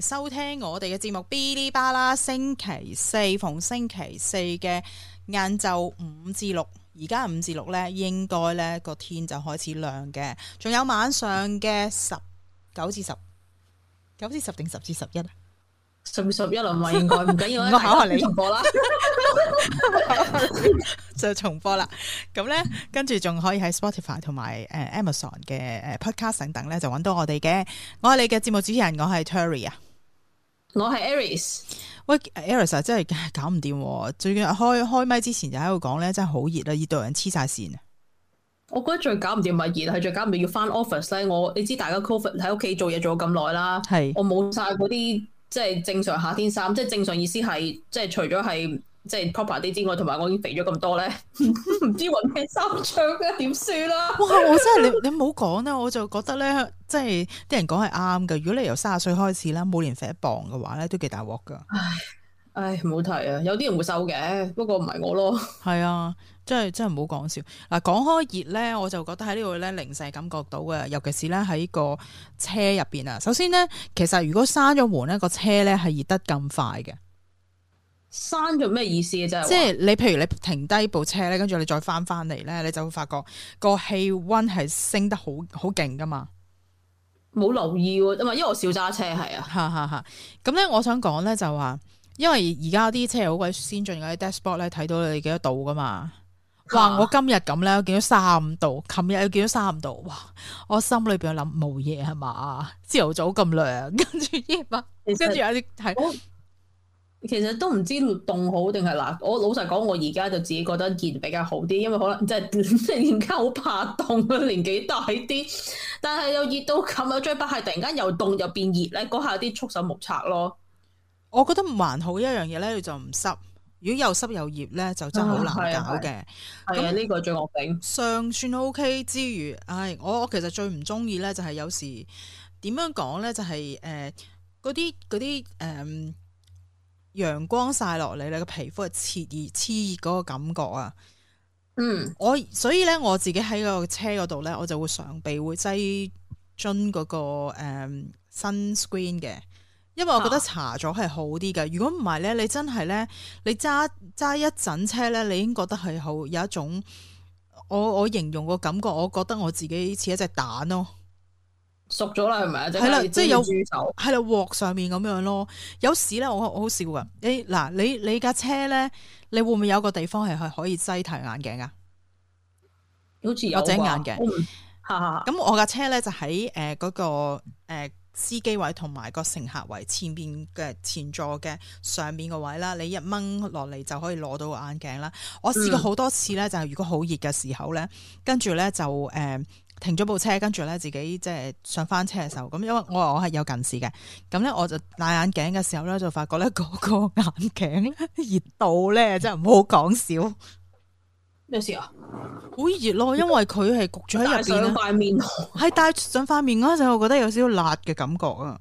收聽我哋嘅節目 Bilibala，星期四逢星期四嘅晏晝五至六，而家五至六咧，應該咧個天就開始亮嘅。仲有晚上嘅十九至十，九至十定十至十一啊？上唔上一輪啊？唔緊要，唔緊要我考下你， 重播啦，就重播啦。咁咧，跟住仲可以喺 Spotify 同埋誒 Amazon 嘅誒 Podcast 等等咧，就揾到我哋嘅。我係你嘅節目主持人，我係 Terry 啊。我係 Aris，喂 Aris 啊，真係搞唔掂啊。最近開開麥之前就喺度講咧，真係好熱啦，熱到人黐晒線。我覺得最搞唔掂咪熱，係最搞唔掂要翻 office 咧。我你知大家 covid 喺屋企做嘢做咗咁耐啦，是我冇晒嗰啲即係正常夏天衫，即係正常意思係即係除咗係。即係 proper 啲之外，同埋我已經肥咗咁多咧，唔 知匀咩收場啊，點算啦？哇！我真係你你唔好講啦，我就覺得咧，即係啲人講係啱噶。如果你由卅歲開始啦，每年肥一磅嘅話咧，都幾大鑊噶。唉唉，唔好提啊！有啲人會瘦嘅，不過唔係我咯。係啊，真係真係唔好講笑嗱。講開熱咧，我就覺得喺呢度咧，零舍感覺到嘅，尤其是咧喺個車入邊啊。首先咧，其實如果閂咗門咧，個車咧係熱得咁快嘅。刪咗咩意思啊？即係你，譬如你停低部車咧，跟住你再翻翻嚟咧，你就會發覺個氣温係升得好好勁噶嘛。冇留意喎，因為我少揸車係啊。咁咧， 我想講咧就話、是，因為而家啲車好鬼先進啲 Dashboard 咧睇到你幾多度噶嘛。啊、哇！我今日咁咧，我見到三十五度，琴日又見到三十五度。哇！我心裏邊諗冇嘢係嘛？朝頭早咁涼，跟住依 p 跟住有啲係。實 其實都唔知凍好定係熱，我老實講，我而家就自己覺得熱比較好啲，因為可能即係而家好怕凍啦，年紀大啲，但係又熱到咁，又最怕係突然間又凍又變熱咧，嗰下啲束手無策咯。我覺得還好一樣嘢咧，就唔濕。如果又濕又熱咧，就真係好難搞嘅。係啊，呢那、這個最惡頂，尚算 OK 之餘，唉、哎，我我其實最唔中意咧，就係有時點樣講咧，就係誒嗰啲啲誒。陽光曬落嚟你個皮膚係熾熱熾熱嗰個感覺啊，嗯，我所以咧我自己喺個車嗰度咧，我就會常備會擠樽嗰個誒、嗯、sunscreen 嘅，因為我覺得搽咗係好啲嘅。如果唔係咧，你真係咧，你揸揸一陣車咧，你已經覺得係好有一種我，我我形容個感覺，我覺得我自己似一隻蛋咯。熟咗啦，係咪啊？係啦，即係有係啦，鍋上面咁樣咯。有時咧，我我好笑噶。誒、欸，嗱，你你架車咧，你會唔會有個地方係可可以擠提眼鏡噶？好似有，或者眼鏡。咁、嗯嗯、我架車咧就喺誒嗰個誒、呃、司機位同埋個乘客位前邊嘅前座嘅上面個位啦。你一掹落嚟就可以攞到個眼鏡啦。我試過好多次咧、嗯，就係如果好熱嘅時候咧，跟住咧就誒。嗯停咗部車，跟住咧自己即係上翻車嘅時候，咁因為我我係有近視嘅，咁咧我就戴眼鏡嘅時候咧就發覺咧嗰個眼鏡咧熱到咧真係唔好講笑。咩事啊？好熱咯，因為佢係焗咗喺入邊啦。戴上塊面喎，戴上塊面嗰陣，我覺得有少少辣嘅感覺啊。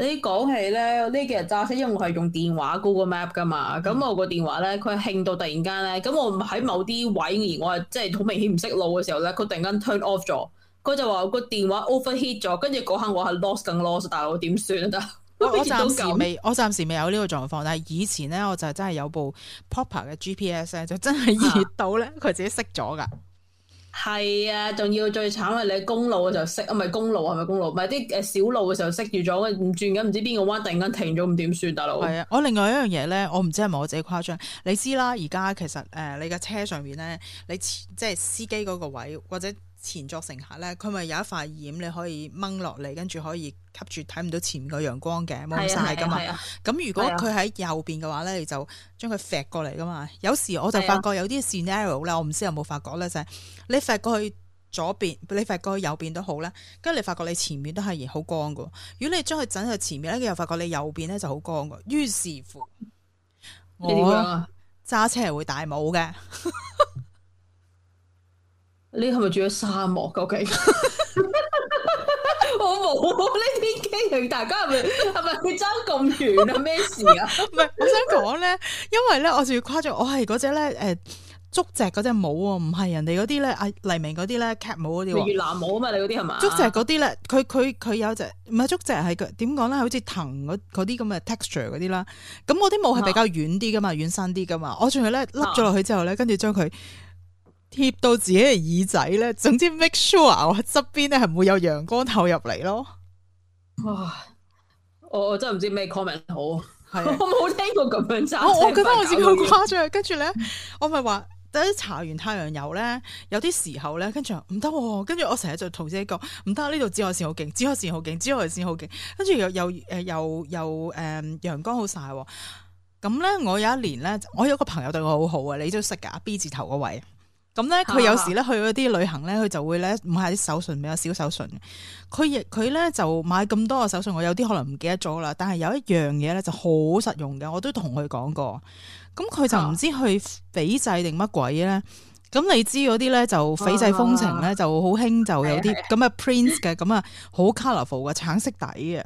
你講起咧呢幾日揸車，因為我係用電話 Google Map 噶嘛，咁、嗯、我個電話咧佢興到突然間咧，咁我唔喺某啲位，而我係即係好明顯唔識路嘅時候咧，佢突然間 turn off 咗，佢就話個電話 overheat 咗，跟住嗰刻我係 lost 更 lost，大佬點算啊？得 我暫時未，我暫時未有呢個狀況，但係以前咧我就真係有部 proper 嘅 GPS 咧，就真係熱到咧佢、啊、自己熄咗噶。係啊，仲要最慘係你公路嘅時候熄，唔係公路係咪公路？唔係啲誒小路嘅時候熄住咗，唔轉緊，唔知邊個彎突然間停咗，咁點算啊？大佬係啊，我另外一樣嘢咧，我唔知係咪我自己誇張，你知啦，而家其實誒、呃，你架車上面咧，你即係司機嗰個位或者。前座乘客咧，佢咪有一塊掩，你可以掹落嚟，跟住可以吸住睇唔到前面個陽光嘅，冇晒噶嘛。咁、啊啊啊、如果佢喺右邊嘅話咧，你就將佢揈過嚟噶嘛。有時我就發覺有啲 scenario、啊、啦，我唔知有冇發覺咧，就係、是、你揈過去左邊，你揈過去右邊都好啦。跟住你發覺你前面都係好光嘅。如果你將佢整喺前面咧，佢又發覺你右邊咧就好光嘅。於是乎，揸、啊、車係會戴帽嘅。 你係咪住喺沙漠？究、okay. 竟 我冇呢啲機型，大家係咪係咪爭咁遠啊？咩事啊？唔係， 我想講咧，因為咧，我仲要誇張我，我係嗰隻咧誒竹席嗰隻帽喎，唔係人哋嗰啲咧啊黎明嗰啲咧 cap 帽嗰啲越南帽啊嘛，你嗰啲係嘛？竹席嗰啲咧，佢佢佢有隻唔係竹席係佢點講咧？好似藤嗰啲咁嘅 texture 嗰啲啦，咁我啲帽係比較軟啲噶嘛，啊、軟身啲噶嘛，我仲係咧笠咗落去之後咧，跟住將佢、啊。啊貼到自己嘅耳仔咧，總之 make sure 我側邊咧係唔會有陽光透入嚟咯。哇！我我真係唔知咩 comment 好，係的我冇聽過咁樣爭。我我覺得我自己好誇張。跟住咧，我咪話第一搽完太陽油咧，有啲時候咧，跟住唔得。跟住我成日就同自己講唔得，呢度紫外線好勁，紫外線好勁，紫外線好勁。跟住又又誒、呃、又又誒陽光好曬、哦。咁咧，我有一年咧，我有個朋友對我好好啊，你都識噶阿 B 字頭嗰位。咁咧，佢有時咧去嗰啲旅行咧，佢就會咧買啲手信比較少手信佢亦佢咧就買咁多個手信，我有啲可能唔記得咗啦。但係有一樣嘢咧就好實用嘅，我都同佢講過。咁佢就唔知去斐濟定乜鬼咧。咁、啊、你知嗰啲咧就斐濟風情咧就好興，啊、就有啲咁啊 Prince 嘅咁啊好 colourful 嘅橙色底嘅。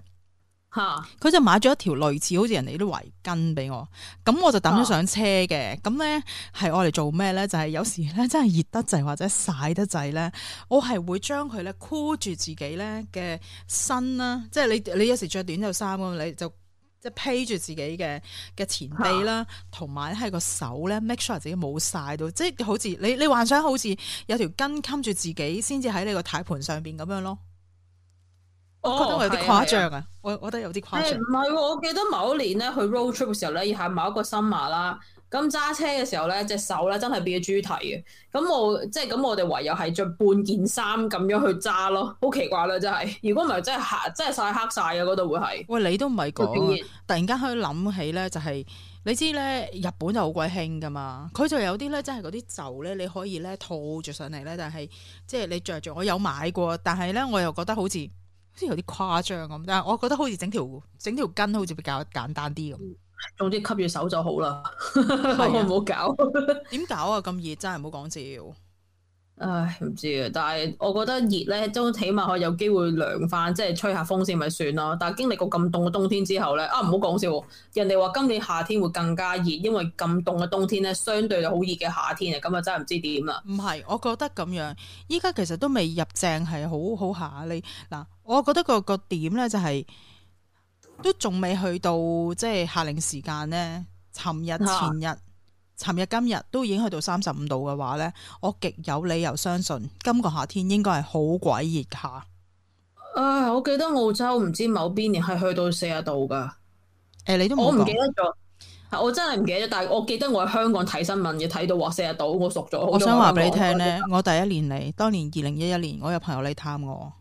嚇！佢就買咗一條類似好似人哋啲圍巾俾我，咁我就揼咗上車嘅。咁咧係我嚟做咩咧？就係、是、有時咧真係熱得滯或者晒得滯咧，我係會將佢咧箍住自己咧嘅身啦，即係你你有時着短袖衫咁，你就即係披住自己嘅嘅前臂啦，同埋咧喺個手咧 make sure 自己冇晒到，即係好似你你幻想好似有條巾冚住自己先至喺你個體盤上邊咁樣咯。我覺得我有啲誇張啊！啊我我覺得有啲誇張。唔係、啊啊，我記得某一年咧，去 road trip 嘅時候咧，係某一個 summer 啦，咁揸車嘅時候咧，隻手咧真係變咗豬蹄嘅。咁我即係咁，我哋唯有係着半件衫咁樣去揸咯，好奇怪啦，真係。如果唔係，真係黑曬，真係晒黑晒啊！嗰度會係。喂，你都唔係講啊！突然間可以諗起咧、就是，就係你知咧，日本就好鬼興噶嘛。佢就有啲咧，真係嗰啲袖咧，你可以咧套着上嚟咧，但係即係你着着，我有買過，但係咧我又覺得好似。好似有啲誇張咁，但係我覺得好似整條整條根好似比較簡單啲咁、嗯。總之吸住手就好啦，我唔好搞。點 搞啊？咁熱真係唔好講笑。唉，唔知啊！但係我覺得熱咧，都起碼可以有機會涼翻，即係吹下風先咪算咯。但係經歷過咁凍嘅冬天之後咧，啊唔好講笑，人哋話今年夏天會更加熱，因為咁凍嘅冬天咧，相對就好熱嘅夏天啊，咁啊真係唔知點啦。唔係，我覺得咁樣，依家其實都未入正，係好好下你嗱，我覺得、嗰個、嗰個點咧就係、係、都仲未去到即係夏令時間咧，尋日前日。啊尋日今日都已經去到三十五度嘅話呢，我極有理由相信今個夏天應該係好鬼熱下啊！我記得澳洲唔知某邊年係去到四啊度噶。欸，我唔記得咗，我真係唔記得，但係我記得我喺香港睇新聞嘅，睇到話四啊度，我熟咗。我想話俾你聽呢。我第一年嚟，當年二零一一年，我有朋友嚟探我。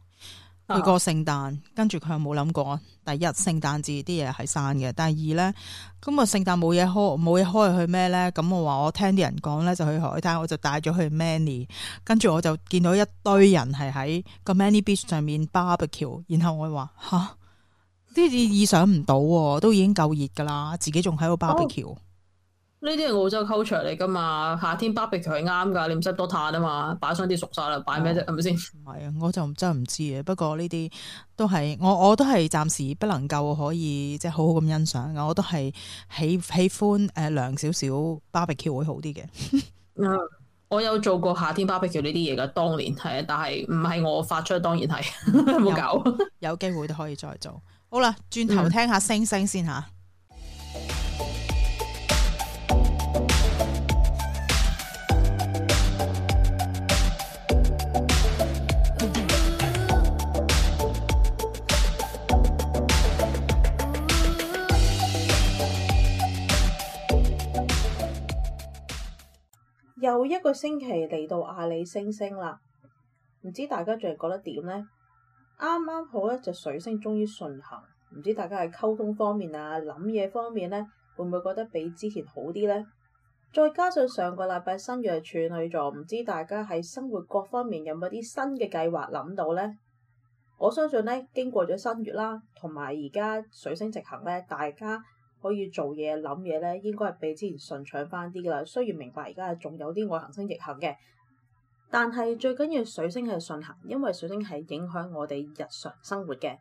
去過聖誕，跟住佢又冇諗過。第一，聖誕節啲嘢係生嘅；第二呢，咁啊聖誕冇嘢開，冇嘢開去咩呢？咁我話我聽啲人講呢，就去海灘，我就帶咗去 Manly，跟住我就見到一堆人係喺個 Manly Beach 上面 barbecue，然後我話吓，呢啲意想唔到，都已經夠熱噶啦，自己仲喺度 barbecue。Oh. 呢啲係澳洲 culture 嚟噶嘛？夏天 barbecue 係啱噶，你唔使多碳啊嘛，擺上啲熟晒啦，擺咩啫？係咪先？唔係啊，我就真係唔知嘅。不過呢啲都係我我都係暫時不能夠可以即係、就是、好好咁欣賞。我都係喜喜歡誒涼少少 barbecue 會好啲嘅、嗯。我有做過夏天 barbecue 呢啲嘢噶，當年係啊，但係唔係我發出，當然係冇搞。有機 會都可以再做。好啦，轉頭聽下星星先吓。嗯又一個星期嚟到阿里星星啦，唔知大家仲係覺得點呢？啱啱好呢就水星終於順行，唔知大家喺溝通方面啊、諗嘢方面呢，會唔會覺得比之前好啲呢？再加上上個禮拜新月處女座，唔知大家喺生活各方面有冇啲新嘅計劃諗到呢？我相信呢，經過咗新月啦，同埋而家水星直行呢，大家，可以做嘢、諗嘢咧，應該係比之前順暢翻啲噶啦。雖然明白而家仲有啲外行星逆行嘅，但係最緊要水星係順行，因為水星係影響我哋日常生活嘅。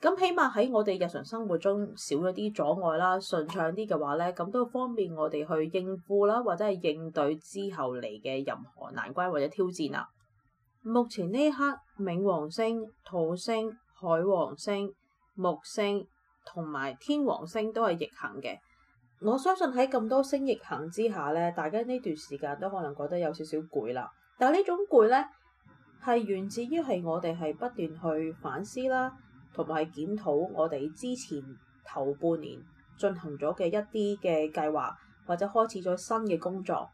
咁起碼喺我哋日常生活中少咗啲阻礙啦，順暢啲嘅話咧，咁都方便我哋去應付啦，或者係應對之後嚟嘅任何難關或者挑戰啦。目前呢一刻，冥王星、土星、海王星、木星。同埋天王星都係逆行嘅，我相信喺咁多星逆行之下咧，大家呢段時間都可能覺得有少少攰啦。但係呢種攰咧，係源自於係我哋係不斷去反思啦，同埋係檢討我哋之前頭半年進行咗嘅一啲嘅計劃，或者開始咗新嘅工作。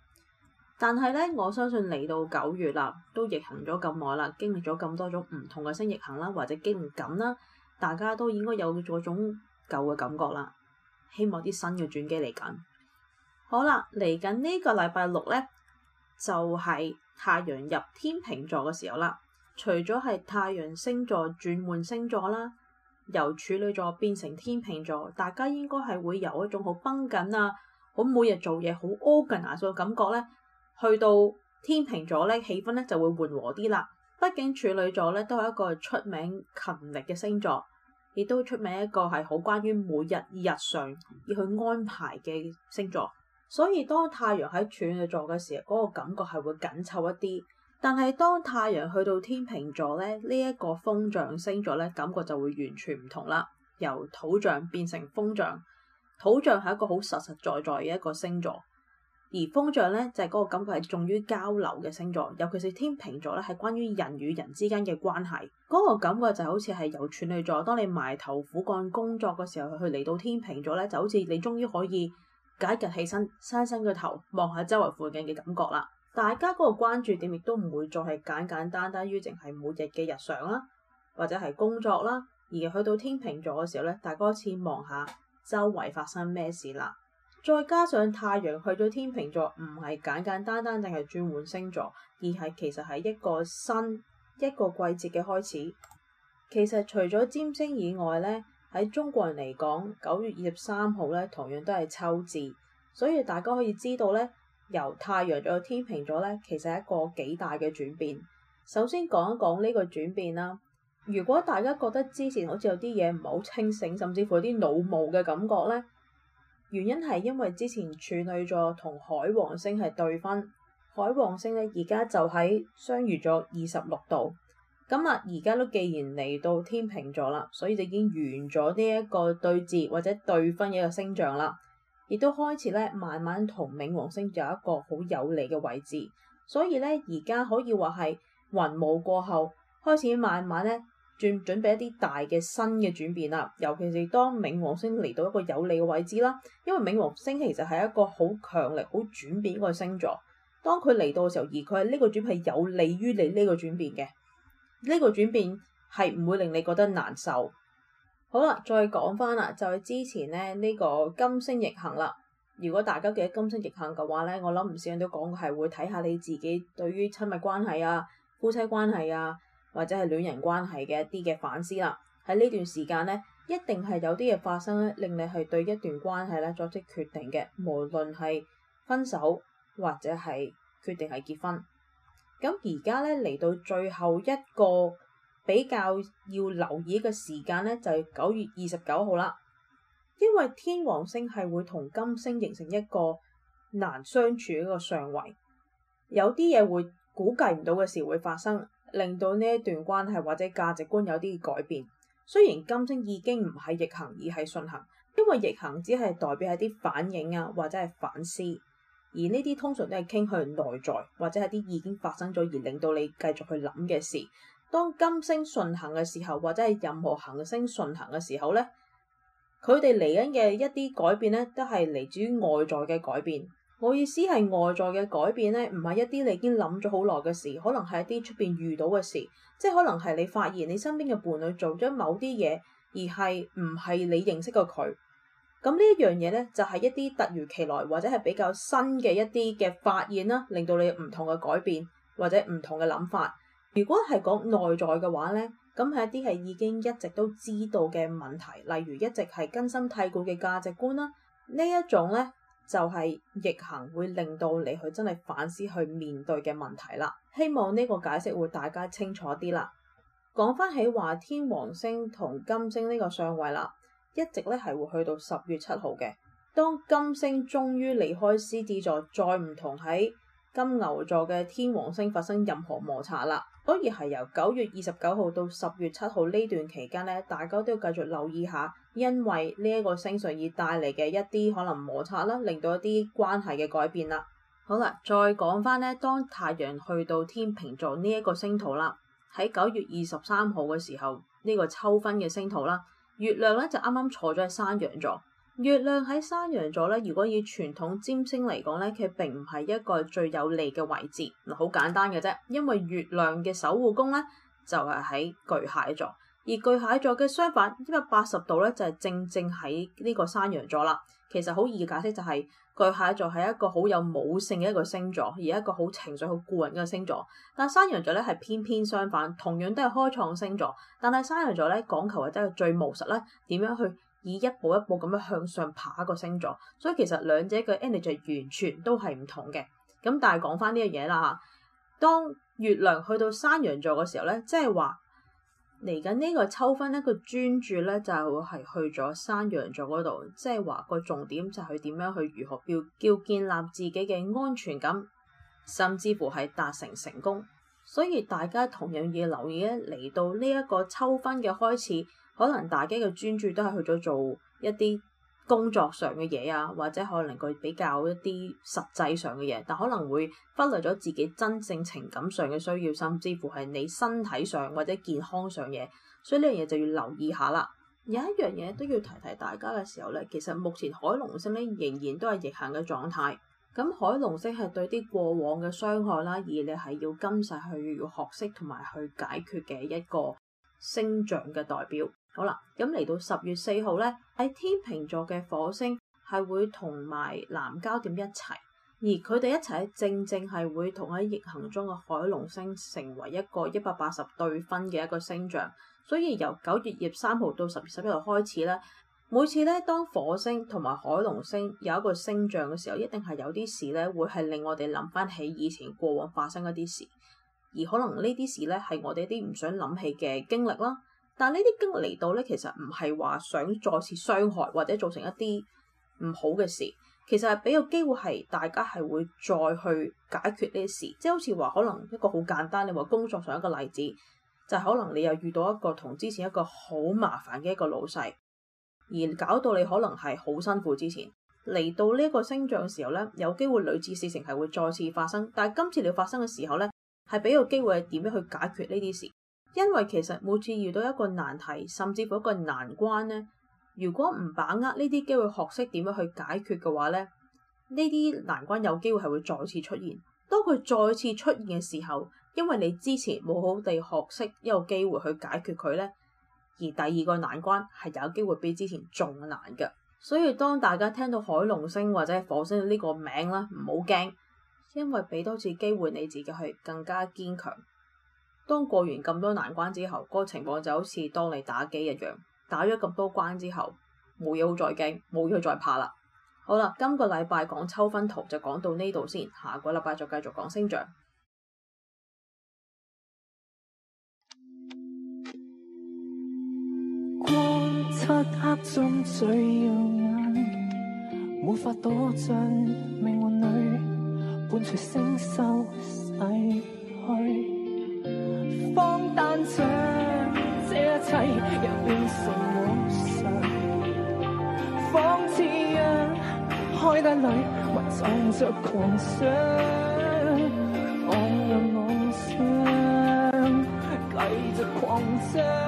但係咧，我相信嚟到九月啦，都逆行咗咁耐啦，經歷咗咁多種唔同嘅星逆行啦，或者經驗感啦。大家都應該有咗種舊嘅感覺啦，希望啲新嘅轉機嚟緊。好啦，嚟緊呢個禮拜六呢，就係太陽入天秤座嘅時候啦。除咗係太陽星座轉換星座啦，由處女座變成天秤座，大家應該係會有一種好繃緊啊，好每日做嘢好壓緊啊嘅感覺呢。去到天秤座呢，氣氛呢就會緩和啲啦。畢竟處女座咧都係一個出名勤力嘅星座，亦都出名一個係好關於每日日常要去安排嘅星座。所以當太陽喺處女座嘅時候，嗰、那個感覺係會緊湊一啲。但係當太陽去到天秤座咧，呢、這、一個風象星座咧，感覺就會完全唔同啦。由土象變成風象，土象係一個好實實在在嘅一個星座。而風象咧就係、是、嗰個感覺係重於交流嘅星座，尤其是天秤座咧，係關於人與人之間嘅關係嗰、那個感覺就好似係由處女座，當你埋頭苦幹工作嘅時候，去嚟到天秤座咧，就好似你終於可以解一起身，生伸個頭，望下周圍附近嘅感覺啦。大家嗰個關注點亦都唔會再係簡簡單單於淨係每日嘅日常啦，或者係工作啦，而去到天秤座嘅時候咧，大家開始望下周圍發生咩事啦。再加上太陽去到天秤座，唔係簡簡單單淨係轉換星座，而係其實係一個新一個季節嘅開始。其實除咗占星以外呢，喺中國人嚟講，九月二十三號呢同樣都係秋節，所以大家可以知道呢由太陽去到天秤座呢，其實係一個幾大嘅轉變。首先講一講呢個轉變啦。如果大家覺得之前好似有啲嘢唔係好清醒，甚至乎有啲腦霧嘅感覺呢。原因係因為之前處女座同海王星係對分，海王星咧而家就喺雙魚座二十六度，咁啊而家都既然嚟到天秤座啦，所以就已經完咗呢一個對峙或者對分嘅一個星象啦，亦都開始咧慢慢同冥王星有一個好有利嘅位置，所以咧而家可以話係雲霧過後開始慢慢咧。轉準備一啲大嘅新嘅轉變啦，尤其是當冥王星嚟到一個有利嘅位置啦，因為冥王星其實係一個好強力、好轉變一個星座。當佢嚟到嘅時候，而佢喺呢個轉變係有利於你呢個轉變嘅，呢個轉變係唔、這個、會令你覺得難受。好啦，再講翻啦，就係、是、之前咧呢、這個金星逆行啦。如果大家記得金星逆行嘅話咧，我諗唔少人都講係會睇下你自己對於親密關係啊、夫妻關係啊。或者係戀人關係嘅一啲嘅反思啦，喺呢段時間咧，一定係有啲嘢發生咧，令你係對一段關係咧作出決定嘅，無論係分手或者係決定係結婚。咁而家咧嚟到最後一個比較要留意嘅時間咧，就係九月二十九號啦，因為天王星係會同金星形成一個難相處一個相位，有啲嘢會估計唔到嘅事會發生。令到呢一段關係或者價值觀有啲改變。雖然金星已經唔係逆行而係順行，因為逆行只係代表係啲反應啊或者係反思，而呢啲通常都係傾向內在或者係啲已經發生咗而令到你繼續去諗嘅事。當金星順行嘅時候，或者係任何行星順行嘅時候呢，佢哋嚟緊嘅一啲改變呢，都係嚟自於外在嘅改變。我意思係外在嘅改變咧，唔係一啲你已經諗咗好耐嘅事，可能係一啲出邊遇到嘅事，即係可能係你發現你身邊嘅伴侶做咗某啲嘢，而係唔係你認識嘅佢。咁呢一樣嘢咧，就係一啲突如其來或者係比較新嘅一啲嘅發現啦，令到你唔同嘅改變或者唔同嘅諗法。如果係講內在嘅話咧，咁係一啲係已經一直都知道嘅問題，例如一直係根深蒂固嘅價值觀啦，呢一種咧。就係逆行會令到你去真係反思去面對嘅問題啦。希望呢個解釋會大家清楚啲啦。講翻起話天王星同金星呢個相位啦，一直咧係會去到十月七號嘅。當金星終於離開獅子座，再唔同喺金牛座嘅天王星發生任何摩擦啦。當然係由九月二十九號到十月七號呢段期間呢，大家都要繼續留意下。因為呢一個星相而帶嚟嘅一啲可能摩擦啦，令到一啲關係嘅改變啦。好啦，再講翻咧，當太陽去到天秤座呢一個星圖啦，喺九月二十三號嘅時候，呢個秋分嘅星圖啦，月亮咧就啱啱坐咗喺山羊座。月亮喺山羊座咧，如果以傳統占星嚟講咧，佢並唔係一個最有利嘅位置。好簡單嘅啫，因為月亮嘅守護宮咧就係喺巨蟹座。而巨蟹座嘅相反一百八十度咧，就係、是、正正喺呢個山羊座啦。其實好易解釋、就是，就係巨蟹座係一個好有母性嘅一個星座，而一個好情緒好顧人嘅星座。但山羊座咧係偏偏相反，同樣都係開創星座，但係山羊座咧講求或者係最務實咧，點樣去以一步一步咁樣向上爬一個星座。所以其實兩者嘅 energy 完全都係唔同嘅。咁但係講翻呢樣嘢啦，當月亮去到山羊座嘅時候咧，即係話。嚟緊呢個秋分呢，個專注呢，就係、是、去咗山羊座嗰度，即係話個重點就係點樣去如何要叫建立自己嘅安全感，甚至乎係達成成功。所以大家同樣要留意咧，嚟到呢一個秋分嘅開始，可能大家嘅專注都係去咗做一啲。工作上嘅嘢啊，或者可能佢比較一啲實際上嘅嘢，但可能會忽略咗自己真正情感上嘅需要，甚至乎係你身體上或者健康上嘢，所以呢樣嘢就要留意下啦。 有一樣嘢都要提提大家嘅時候咧，其實目前海龍星咧仍然都係逆行嘅狀態，咁海龍星係對啲過往嘅傷害啦，而你係要今世去學識同埋去解決嘅一個星象嘅代表。好啦，咁嚟到十月四號咧，喺天秤座嘅火星係會同埋南交點一齊，而佢哋一齊正正係會同喺逆行中嘅海龍星成為一個一百八十對分嘅一個星象，所以由九月廿三號到十月十一號開始咧，每次咧當火星同埋海龍星有一個星象嘅時候，一定係有啲事咧會係令我哋諗翻起以前過往發生一啲事，而可能呢啲事咧係我哋一啲唔想諗起嘅經歷囉。但呢啲經歷嚟到呢，其實唔係話想再次傷害或者造成一啲唔好嘅事，其實係俾個機會係大家係會再去解決呢啲事。即係好似話可能一個好簡單，你話工作上一個例子，就係可能你又遇到一個同之前一個好麻煩嘅一個老細，而搞到你可能係好辛苦。之前嚟到呢個星象嘅時候呢，有機會類似事情係會再次發生，但係今次你發生嘅時候呢，係俾個機會係點樣去解決呢啲事。因為其實每次遇到一個難題，甚至乎一個難關呢，如果唔把握呢啲機會學識點樣去解決嘅話咧，呢啲難關有機會係會再次出現。當佢再次出現嘅時候，因為你之前冇好地學識一個機會去解決佢呢。而第二個難關係有機會比之前仲難㗎。所以當大家聽到海龍星或者火星呢個名啦，唔好驚，因為俾多次機會你自己去更加堅強。當過完咁多難關之後，嗰、那個情況就好似當你打機一樣，打咗咁多關之後，冇嘢好再驚，冇嘢好再怕啦。好啦，今個禮拜講秋分圖就講到呢度先，下個禮拜再繼續講星象。但想這一切又變做無常，仿似一開燈裏，還藏着狂想，我有妄想，繼續狂想。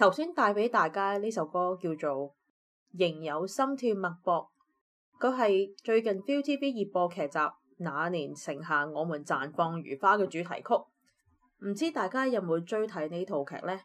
頭先帶俾大家呢首歌叫做《仍有心跳脈搏》，佢係最近 ViuTV 熱播劇集《那年盛夏我們綻放如花》嘅主題曲。唔知大家有冇追睇呢套劇呢？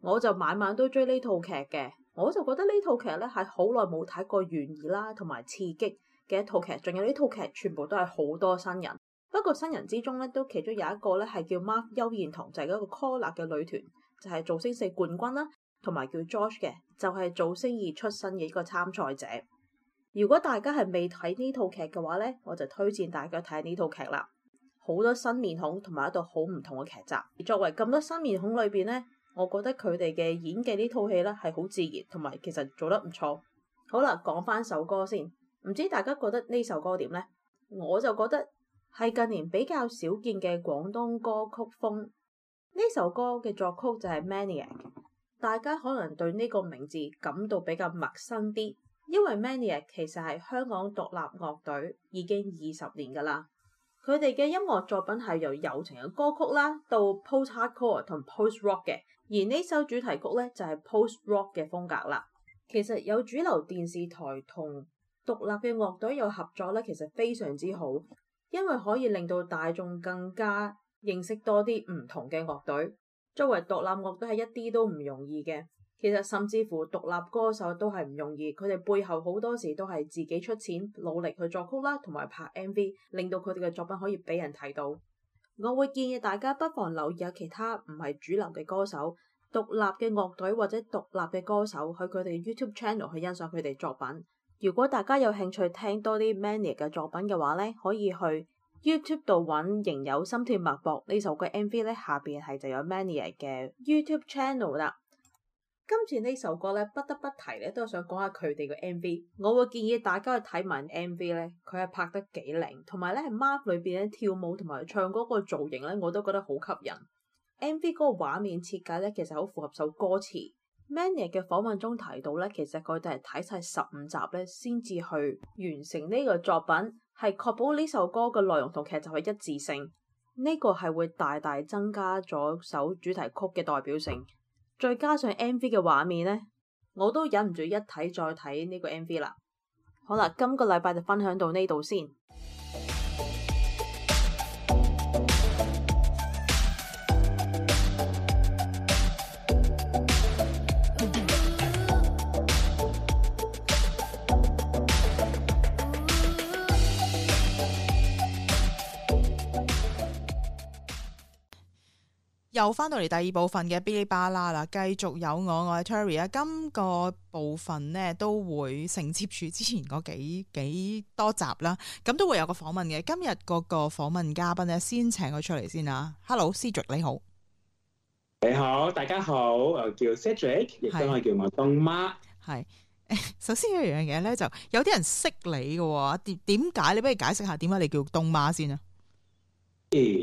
我就晚晚都追呢套劇嘅，我就覺得呢套劇呢係好耐冇睇過懸疑啦，同埋刺激嘅一套劇。仲有呢套劇全部都係好多新人，不過新人之中呢都其中有一個呢係叫 Mark 邱燕彤，就係、是、嗰個 Collar 嘅女團。就係造星四冠軍啦，同埋叫 George 嘅，就係造星二出身嘅一個參賽者。如果大家係未睇呢套劇嘅話呢，我就推薦大家睇呢套劇啦。好多新面孔同埋一套好唔同嘅劇集。作為咁多新面孔裏邊呢，我覺得佢哋嘅演技呢套戲呢係好自然，同埋其實做得唔錯。好啦，講返首歌先，唔知大家覺得呢首歌點呢？我就覺得係近年比較少見嘅廣東歌曲風。呢首歌嘅作曲就係、是、Maniac，大家可能對呢個名字感到比較陌生啲，因為 Maniac 其實係香港獨立樂隊，已經二十年噶啦。佢哋嘅音樂作品係由友情嘅歌曲啦，到 post hardcore 同 post rock 嘅，而呢首主題曲咧就係、是、post rock 嘅風格啦。其實有主流電視台同獨立嘅樂隊有合作咧，其實非常之好，因為可以令到大眾更加。認識多啲唔同嘅樂隊，作為獨立樂隊都係一啲都唔容易嘅。其實甚至乎獨立歌手都係唔容易，佢哋背後好多時都係自己出錢努力去作曲啦，同埋拍 MV，令到佢哋嘅作品可以俾人睇到。我會建議大家不妨留意下其他唔係主流嘅歌手、獨立嘅樂隊或者獨立嘅歌手，去佢哋 YouTube channel 去欣賞佢哋作品。如果大家有興趣聽多啲 Mania 嘅作品嘅話咧，可以去 YouTube 度揾仍有心跳脈搏呢首歌 M V 咧，下邊係就有 Mania 嘅 YouTube channel 啦。今次呢首歌咧，不得不提咧，都想講下佢哋嘅 M V。我會建議大家去睇埋 M V 咧，佢係拍得幾靚，同埋咧，喺 Mania 裏邊咧，跳舞同埋唱歌嗰個造型咧，我都覺得好吸引。M V 嗰個畫面設計咧，其實好符合首歌詞。Mania 嘅訪問中提到咧，其實佢哋係睇晒十五集咧，先至去完成呢個作品。係確保呢首歌嘅內容同劇集係一致性，呢個係會大大增加咗首主題曲嘅代表性。再加上 MV 嘅畫面呢，我都忍唔住一睇再睇呢個 MV 啦。好啦，今個禮拜就分享到呢度先。又翻到嚟第二部分嘅嗶哩吧啦啦，繼續有我我係 Terry 啊，今個部分咧都會承接住之前嗰幾，幾多集啦，咁都會有個訪問嘅。今日嗰個訪問嘉賓咧，先請佢出嚟先啊。Hello，Cedric 你好，你好，大家好，我叫 Cedric，亦都可以叫我東媽。係， 首先一樣嘢咧，就有啲人識你㗎喎，點解你不如解釋下點解你叫東媽先啊？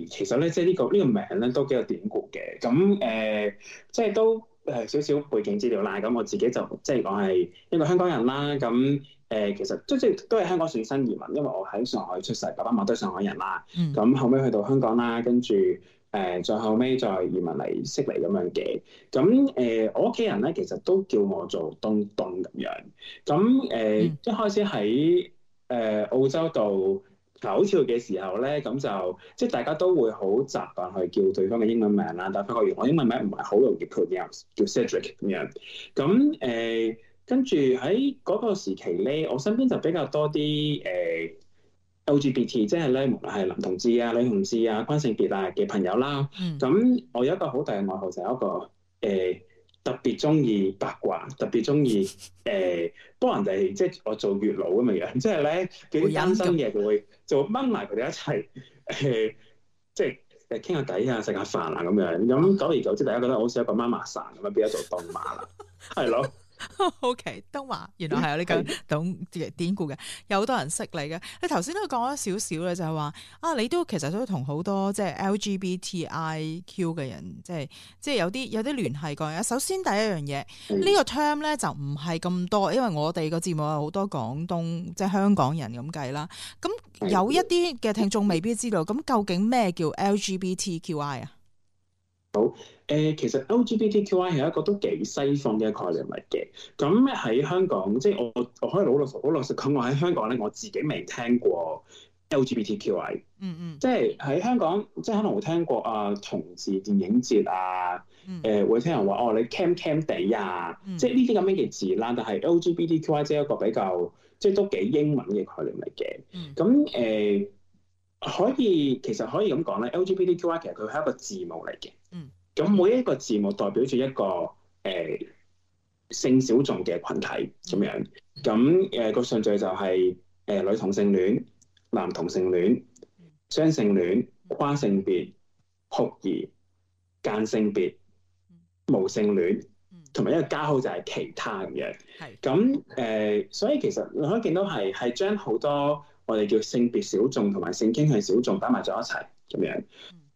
其實咧、這個，即、這、係、個、呢個呢個名咧，都幾有典故嘅。咁誒、呃，即係都誒少少背景資料啦。咁我自己就即係講係一個香港人啦。咁誒、呃，其實即即都係香港算新移民，因為我喺上海出世，爸爸媽媽都係上海人啦。咁、嗯、後尾去到香港啦，跟住誒，再、呃、後尾再移民嚟悉尼咁樣嘅。咁誒、呃，我屋企人咧，其實都叫我做東東咁樣。咁誒，呃嗯、一開始喺誒、呃、澳洲度。嗱，好似嘅時候咧，咁就即係大家都會好習慣去叫對方嘅英文名啦。但係發覺原來我英文名唔係好容易 pronounce，叫 James 叫 Cedric 咁樣。咁誒，跟住喺嗰個時期咧，我身邊就比較多啲誒、欸、LGBT，即係無論係男同志啊、女同志啊、跨性別啊嘅朋友啦。咁、嗯、我有一個好大嘅愛好，就係一個誒、欸、特別中意八卦，特別中意誒。欸幫人哋即係我做月老咁嘅樣，即係咧幾真心嘅，就，是、就會就掹埋佢哋一齊，呃、即係誒傾下偈啊，食下飯啊咁樣。咁、嗯、久而久之，大家覺得好似一個媽媽生咁樣，變咗做當媽啦？係咯。 O.K. 德華，原來係有呢個懂典故嘅，有好多人識你嘅。你頭先都講咗少少啦，就係話啊，你都其實都同好多即係 LGBTIQ 嘅人，即係即係有啲有啲聯繫過。首先第一樣嘢，呢 個 term 咧就唔係咁多，因為我哋個節目有好多廣東即係香港人咁計啦。咁有一啲嘅聽眾未必知道，咁究竟咩叫 LGBTQI 啊？好誒，其實 LGBTQI 係一個都幾西方嘅概念嚟嘅。咁喺香港，即係我我可以老老實老老實咁，我喺香港咧，我自己未聽過 LGBTQI。嗯嗯，即係喺香港，即係可能會聽過啊，同志電影節啊，誒、呃，會聽人話哦，你 cam cam 底啊，嗯、即係呢啲咁樣嘅字啦。但係 LGBTQI 即係一個比較，即係都幾英文嘅概念嚟嘅。咁誒、嗯呃，可以其實可以咁講咧，LGBTQI 其實佢係一個字母嚟嘅。咁每一個字母代表住一個誒、呃、性小眾嘅群體咁樣，咁誒個順序就係、是、誒、呃、女同性戀、男同性戀、雙性戀、跨性別、酷兒、間性別、無性戀，同埋一個加號就係其他咁樣。咁誒的、呃，所以其實你可以見到係係將好多我哋叫性別小眾同埋性傾向小眾擺埋咗一齊。咁樣，